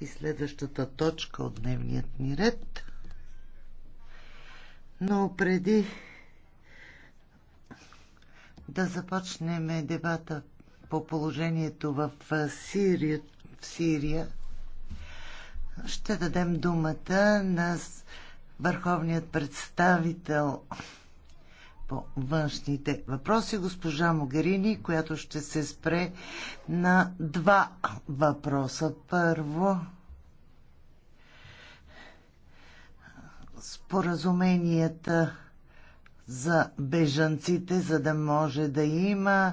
и следващата точка от дневният ни ред. Но преди да започнем дебата по положението в Сирия, в Сирия ще дадем думата на върховният представител по външните въпроси госпожа Могерини, която ще се спре на два въпроса. Първо, споразуменията за бежанците, за да може да има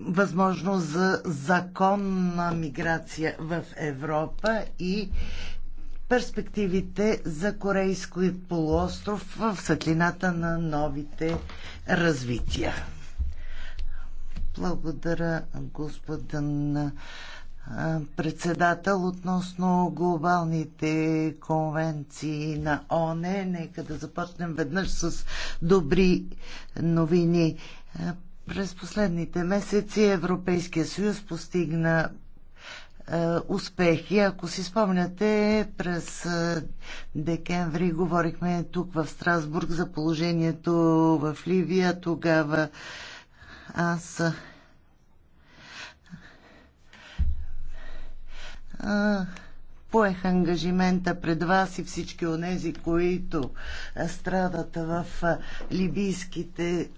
възможност за законна миграция в Европа и перспективите за Корейския полуостров в светлината на новите развития. Благодаря, господин председател, относно глобалните конвенции на ОНЕ. Нека да започнем веднъж с добри новини. През последните месеци Европейския съюз постигна е, успехи. Ако си спомняте, през е, декември говорихме тук в Страсбург за положението в Ливия. Тогава аз е, поех ангажимента пред вас и всички тези, които страдат в либийските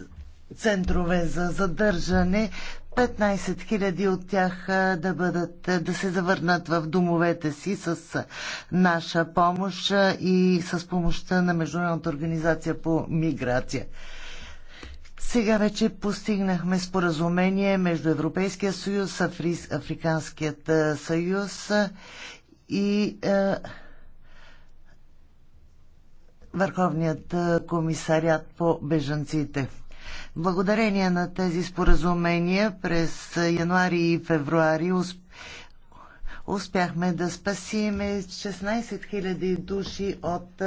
центрове за задържане, 15 000 от тях да, бъдат, да се завърнат в домовете си с наша помощ и с помощта на Международната организация по миграция. Сега вече постигнахме споразумение между Европейския съюз, Афри... Африканският съюз и е, Върховният комисарят по бежанците. Благодарение на тези споразумения през януари и февруари успяхме да спасиме 16 000 души от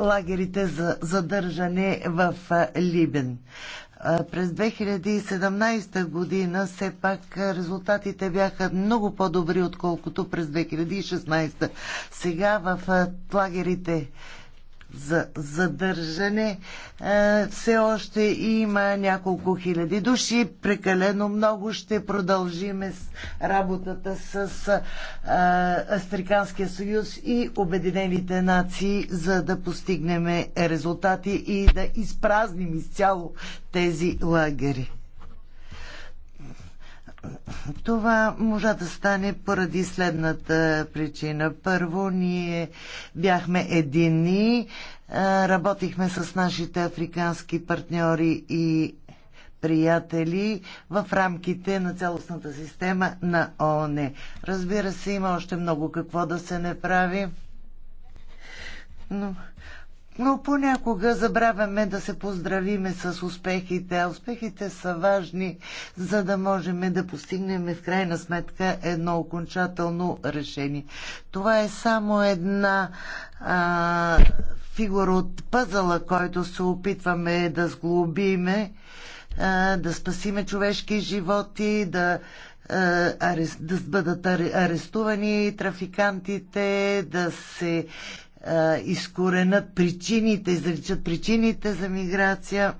лагерите за задържане в Либен. През 2017 година все пак резултатите бяха много по-добри, отколкото през 2016. Сега в лагерите за задържане. Е, все още има няколко хиляди души. Прекалено много ще продължиме с работата с е, Астриканския съюз и Обединените нации, за да постигнем резултати и да изпразним изцяло тези лагери. Това можа да стане поради следната причина. Първо, ние бяхме единни, работихме с нашите африкански партньори и приятели в рамките на цялостната система на ООН. Разбира се, има още много какво да се не прави. Но но понякога забравяме да се поздравиме с успехите, а успехите са важни, за да можем да постигнем в крайна сметка едно окончателно решение. Това е само една а, фигура от пъзала, който се опитваме да сглобиме, а, да спасиме човешки животи, да да бъдат арестувани трафикантите, да се изкоренят причините, изречат причините за миграция.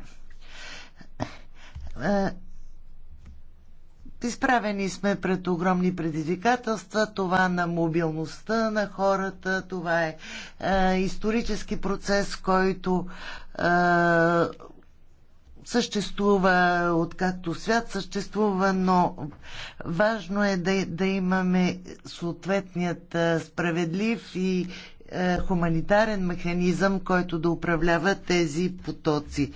Изправени сме пред огромни предизвикателства. Това на мобилността на хората, това е, исторически процес, който е, съществува откакто свят съществува, но важно е да, да имаме съответният справедлив и е, хуманитарен механизъм, който да управлява тези потоци.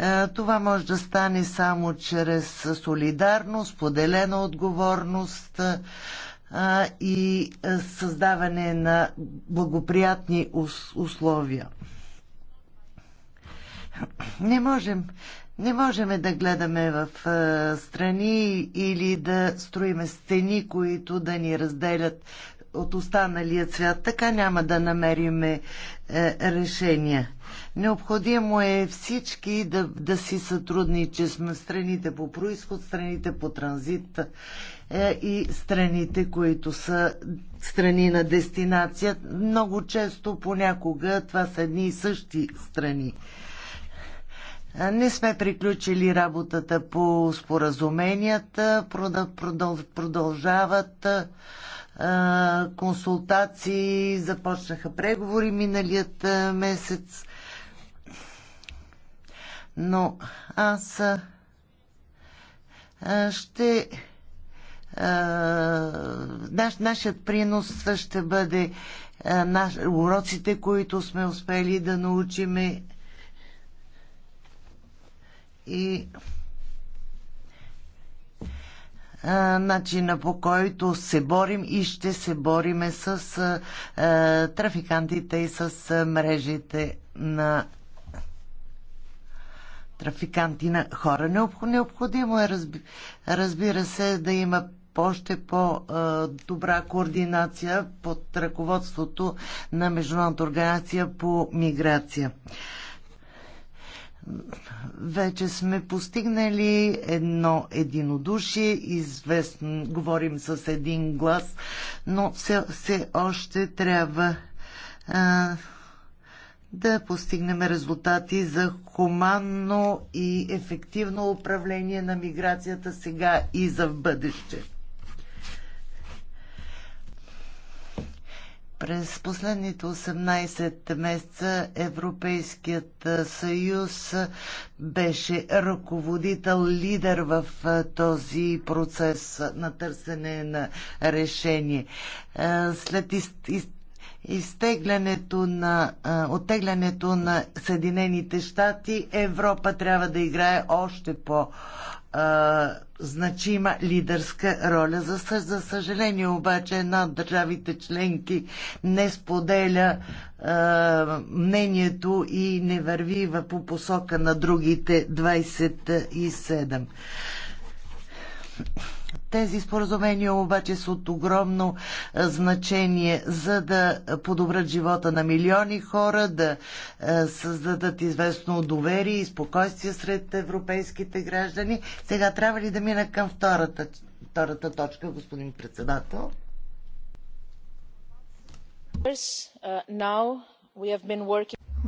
Е, това може да стане само чрез солидарност, поделена отговорност е, и създаване на благоприятни условия. Не можем не можем да гледаме в страни или да строиме стени, които да ни разделят от останалия свят. Така няма да намерим е, е решения. Необходимо е всички да, да си с страните по происход, страните по транзит е, и страните, които са страни на дестинация. Много често, понякога, това са едни и същи страни. Е, не сме приключили работата по споразуменията, продължават е, консултации, започнаха преговори миналият месец. Но аз ще. Наш, нашият принос ще бъде наш, уроците, които сме успели да научиме и начина по който се борим и ще се бориме с трафикантите и с мрежите на трафиканти на хора. Необходимо е, разбира се, да има още по-добра координация под ръководството на Международната организация по миграция вече сме постигнали едно единодушие, известно, говорим с един глас, но все, все още трябва а, да постигнем резултати за хуманно и ефективно управление на миграцията сега и за в бъдеще. През последните 18 месеца Европейският съюз беше ръководител, лидер в този процес на търсене на решение. След из, из, изтеглянето на, оттеглянето на Съединените щати, Европа трябва да играе още по а, значима лидерска роля. За, за съжаление обаче една от държавите членки не споделя а, мнението и не върви по посока на другите 27. Тези споразумения обаче са от огромно значение, за да подобрят живота на милиони хора, да създадат известно доверие и спокойствие сред европейските граждани. Сега трябва ли да мина към втората, втората точка, господин председател?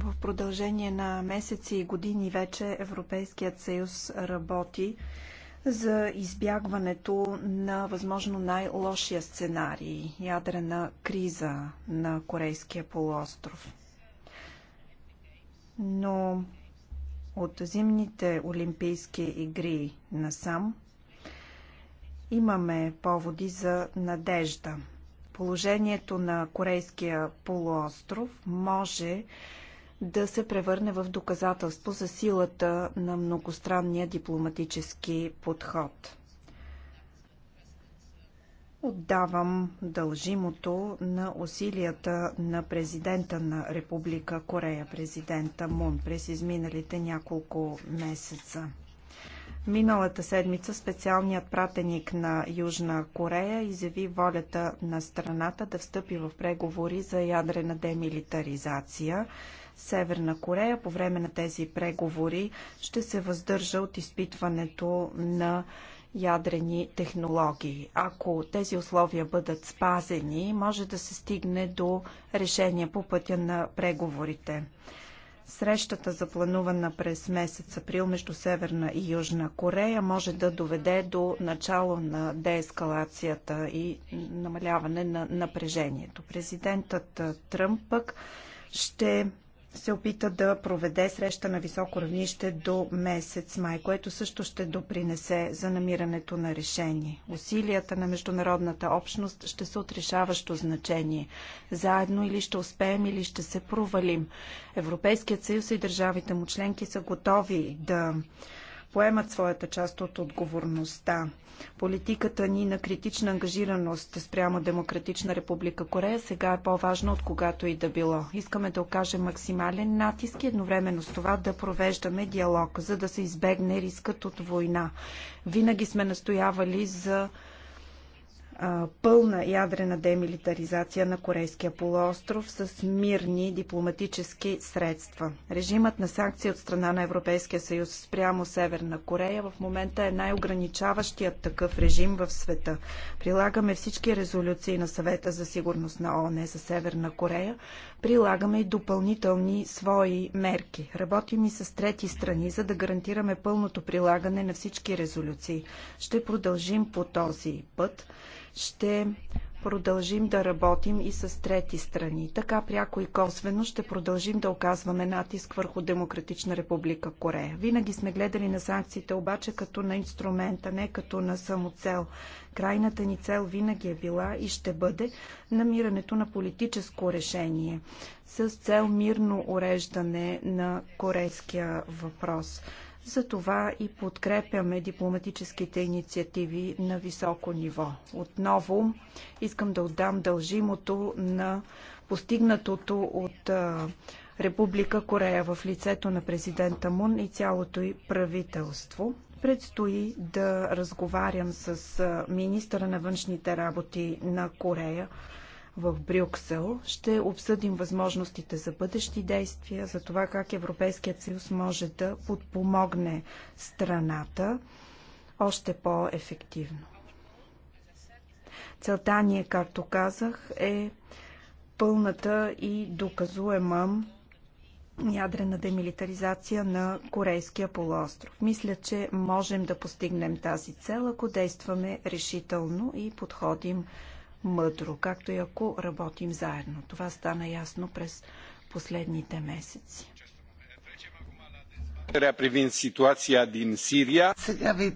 В продължение на месеци и години вече Европейският съюз работи за избягването на възможно най-лошия сценарий ядрена криза на Корейския полуостров. Но от зимните Олимпийски игри насам имаме поводи за надежда. Положението на Корейския полуостров може да се превърне в доказателство за силата на многостранния дипломатически подход. Отдавам дължимото на усилията на президента на Република Корея, президента Мун, през изминалите няколко месеца. Миналата седмица специалният пратеник на Южна Корея изяви волята на страната да встъпи в преговори за ядрена демилитаризация. Северна Корея по време на тези преговори ще се въздържа от изпитването на ядрени технологии. Ако тези условия бъдат спазени, може да се стигне до решение по пътя на преговорите. Срещата, запланувана през месец април между Северна и Южна Корея, може да доведе до начало на деескалацията и намаляване на напрежението. Президентът Тръмп пък ще се опита да проведе среща на високо равнище до месец май, което също ще допринесе за намирането на решение. Усилията на международната общност ще са от решаващо значение. Заедно или ще успеем, или ще се провалим. Европейският съюз и държавите му членки са готови да поемат своята част от отговорността. Политиката ни на критична ангажираност спрямо Демократична република Корея сега е по-важна от когато и да било. Искаме да окажем максимален натиск и едновременно с това да провеждаме диалог, за да се избегне рискът от война. Винаги сме настоявали за пълна ядрена демилитаризация на Корейския полуостров с мирни дипломатически средства. Режимът на санкции от страна на Европейския съюз спрямо Северна Корея в момента е най-ограничаващият такъв режим в света. Прилагаме всички резолюции на съвета за сигурност на ООН за Северна Корея. Прилагаме и допълнителни свои мерки. Работим и с трети страни, за да гарантираме пълното прилагане на всички резолюции. Ще продължим по този път ще продължим да работим и с трети страни. Така пряко и косвено ще продължим да оказваме натиск върху Демократична република Корея. Винаги сме гледали на санкциите обаче като на инструмента, не като на самоцел. Крайната ни цел винаги е била и ще бъде намирането на политическо решение с цел мирно уреждане на корейския въпрос. Затова и подкрепяме дипломатическите инициативи на високо ниво. Отново искам да отдам дължимото на постигнатото от Република Корея в лицето на президента Мун и цялото й правителство. Предстои да разговарям с министъра на външните работи на Корея в Брюксел ще обсъдим възможностите за бъдещи действия, за това как Европейският съюз може да подпомогне страната още по-ефективно. Целта ни е, както казах, е пълната и доказуема ядрена демилитаризация на Корейския полуостров. Мисля, че можем да постигнем тази цел, ако действаме решително и подходим мъдро, както и ако работим заедно. Това стана ясно през последните месеци. Сега ви